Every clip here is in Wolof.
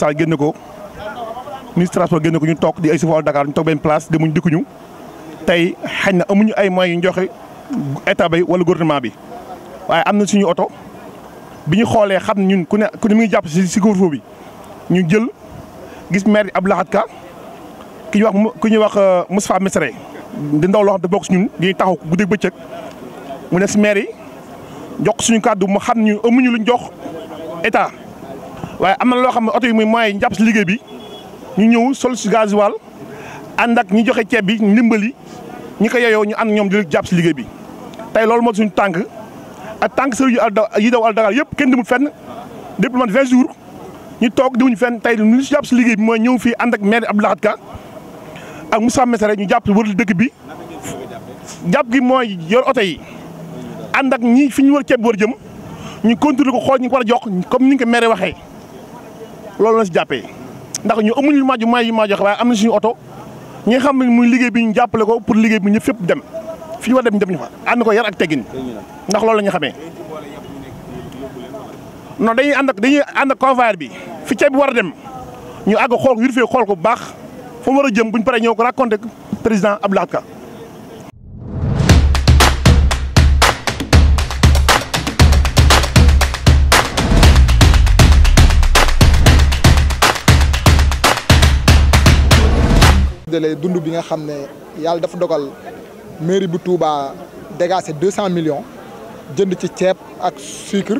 Sall génne ko ministre transport génne ko ñu toog di ay suufu Dakar ñu toog benn place demuñ dikkuñu tey xañ na amuñu ay mooy yu joxe état bi wala gouvernement bi waaye am na suñu oto bi ñu xoolee xam ne ñun ku ne ku mu ngi jàpp si si couvre-feu bi ñu jël gis maire yi ab Lahad Ka ki ñuy wax ku ñuy wax euh, Moustapha Missiré di ndaw loo xam te bokk si ñun di taxaw guddeeg bëccëg mu ne si maire yi jox suñu kàddu mu xam ñu amuñu luñ jox état waaye am na loo xam ne oto yi muy moyens yi jàpp si liggéey bi ñu ñëw sol si gasoil ànd ak ñi joxe ceeb bi ndimbali ñi ko yeyoo ñu ànd ñoom di jàpp si liggéey bi. tey loolu moo suñu tànk ak tànk sëriñ yi daw al yëpp kenn demul fenn depuis man 20 jours ñu toog diwuñu fenn tey lu jàpp si liggéey bi mooy ñëw fii ànd ak maire Abdou Lahad Ka ak Moussa Messere ñu jàpp wër dëkk bi jàpp gi mooy yor oto yi ànd ak ñi fi ñu war ceeb bi war jëm ñu contrôler ko xool ñu ko war a jox comme ni nga ko maire waxee. loolu la si jàppee ndax ñu amuñ lu maaju may yu maa joxe waaye am na suñu oto ñi xam ne muy liggéey bi ñu jàppale ko pour liggéey bi ñëpp fépp dem fi ñu war dem ñu dem ñu fa ànd ko yar ak teggin ndax loolu la ñu xamee non dañuy ànd ak dañuy ànd ak bi fi ceeb bi war a dem ñu àgg xool yur fee xool ko bu baax fu war a jëm buñ paree ñëw ko raconté président ab Lahad Ka séddalee dund bi nga xam ne yàlla dafa dogal mairie bu Touba dégagé deux cent millions jënd ci ceeb ak sucre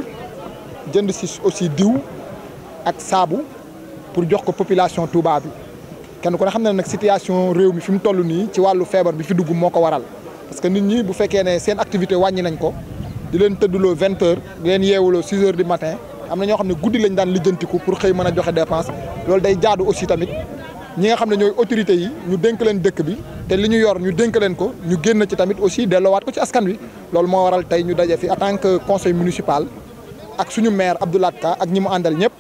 jënd ci aussi diw ak saabu pour jox ko population Touba bi kenn ku ne xam ne nag situation réew mi fi mu toll nii ci wàllu feebar bi fi dugg moo ko waral parce que nit ñi bu fekkee ne seen activité wàññi nañ ko di leen tëdduloo vingt heures di leen yeewuloo six heures du matin am na ñoo xam ne guddi lañ daan lijjantiku pour xëy mën a joxe dépense loolu ñi nga xam ne ñooy autorités yi ñu dénk leen dëkk bi te li ñu yor ñu dénk leen ko ñu génn ci tamit aussi delloowaat ko ci askan wi loolu moo waral tey ñu daje fi en tant que conseil municipal ak suñu maire Abdoulaye Ka ak ñi mu àndal ñëpp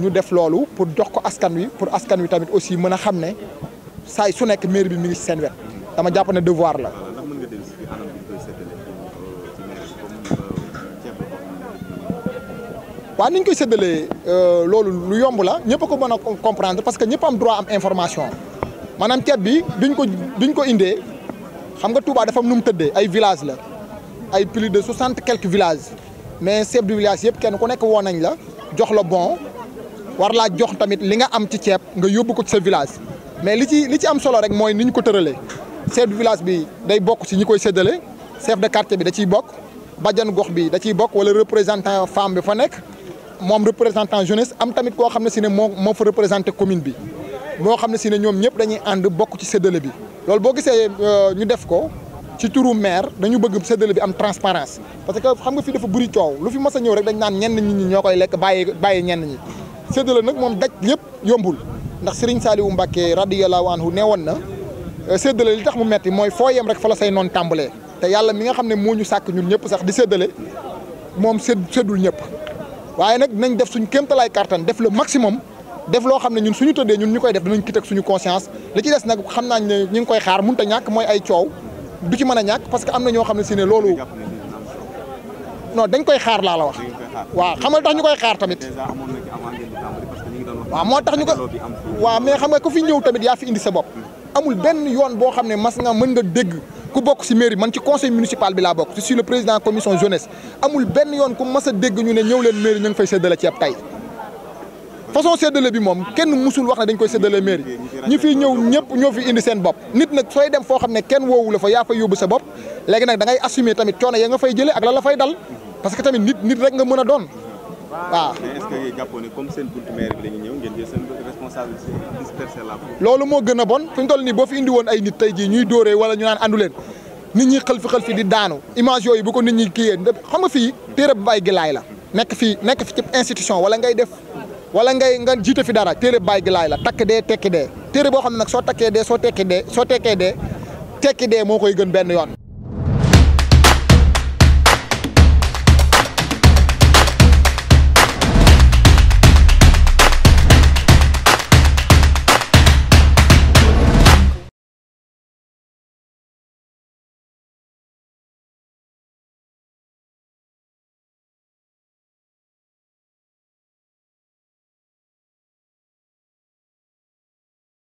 ñu def loolu pour jox ko askan wi pour askan wi tamit aussi mën a xam ne saay su nekk maire bi mi ngi ci seen wet dama jàpp ne devoir la waa ni ñu koy séddalee euh, loolu lu yomb la ñëpp ko mën a comprendre parce que ñëpp am droit am information maanaam ceeb bi duñ ko duñ ko indee xam nga Touba dafa am mu tëddee ay village la ay plus de soixante quelques villages mais chef du village yëpp kenn ku nekk woo nañ la jox la bon war laa jox tamit li nga am ci ceeb nga yóbbu ko ci sa village mais li ci li ci am solo rek mooy ni ñu ko tëralee chef du village bi day bokk ci ñi koy séddale chef de quartier bi da ciy bokk bajjan gox bi da ciy bokk wala représentant femme bi fa nekk moom représentant jeunesse am tamit koo xam ne si ne moo moo fa représenté commune bi moo xam ne si ne ñoom ñëpp dañuy ànd bokk ci séddale bi loolu boo gisee euh, ñu def ko ci u maire dañu bëgg séddale bi am transparence parce que xam nga fii dafa bëri coow lu fi mas a ñëw rek dañ naan ñenn nit ñi ñoo koy lekk bàyyi bàyyi ñenn ñi séddale nag moom daj lépp yombul ndax Serigne Saliou Mbacké waan anhu nee woon na euh, séddale li tax mu metti mooy foo yem rek fa say noon tàmbalee te yàlla mi nga xam ne moo ñu sàkk ñun ñëpp sax di séddale moom séddul ñëpp waaye nag dinañ def suñ kéemtalaay kartan def le maximum def loo xam ne ñun suñu tëddee ñun ñu koy def dinañ kit ak suñu conscience li ci des nag xam naa ne ñu ngi koy xaar mënut a ñàkk mooy ay coow du ci mën a ñàkk parce que am na ñoo xam ne si ne loolu non dañ koy xaar laa la wax waaw xamal tax ñu koy xaar tamit waaw moo tax ñu ko waaw mais xam nga ko fi ñëw tamit yaa fi indi sa bopp amul benn yoon boo xam ne mas nga mën nga dégg ku bokk ci mairie man ci conseil municipal bi laa bokk je suis le président commission jeunesse amul benn yoon ku mas a dégg ñu ne ñëw leen mairie ñu ngi fay séddale ceeb tey façon séddale bi moom kenn musul wax ne dañ koy séddale mairie ñi fiy ñëw ñëpp ñoo fi indi seen bopp nit nag sooy dem foo xam ne kenn woowu la fa yaa fay yóbbu sa bopp léegi nag da ngay assumer tamit coono ya nga fay jëlee ak la la fay dal parce que tamit nit nit rek nga mën a doon waaw. mais est seen la ñu ñëw ngeen jël seen loolu moo gën a bon fu ñu toll nii boo fi indi woon ay nit tey jii ñuy dóoree wala ñu naan andu leen nit ñi xël fi xël fi di daanu image yooyu bu ko nit ñi kiiyee xam nga fii téere Baye Gilaay la nekk fii nekk fi ci institution wala ngay def wala ngay nga jiite fi dara téere gi Gilaay la takk dee tekki dee téere boo xam ne nag soo takkee dee soo tekkee dee soo tekkee dee tekki dee moo koy gën benn yoon